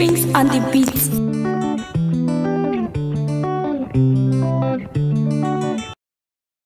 And on the beat.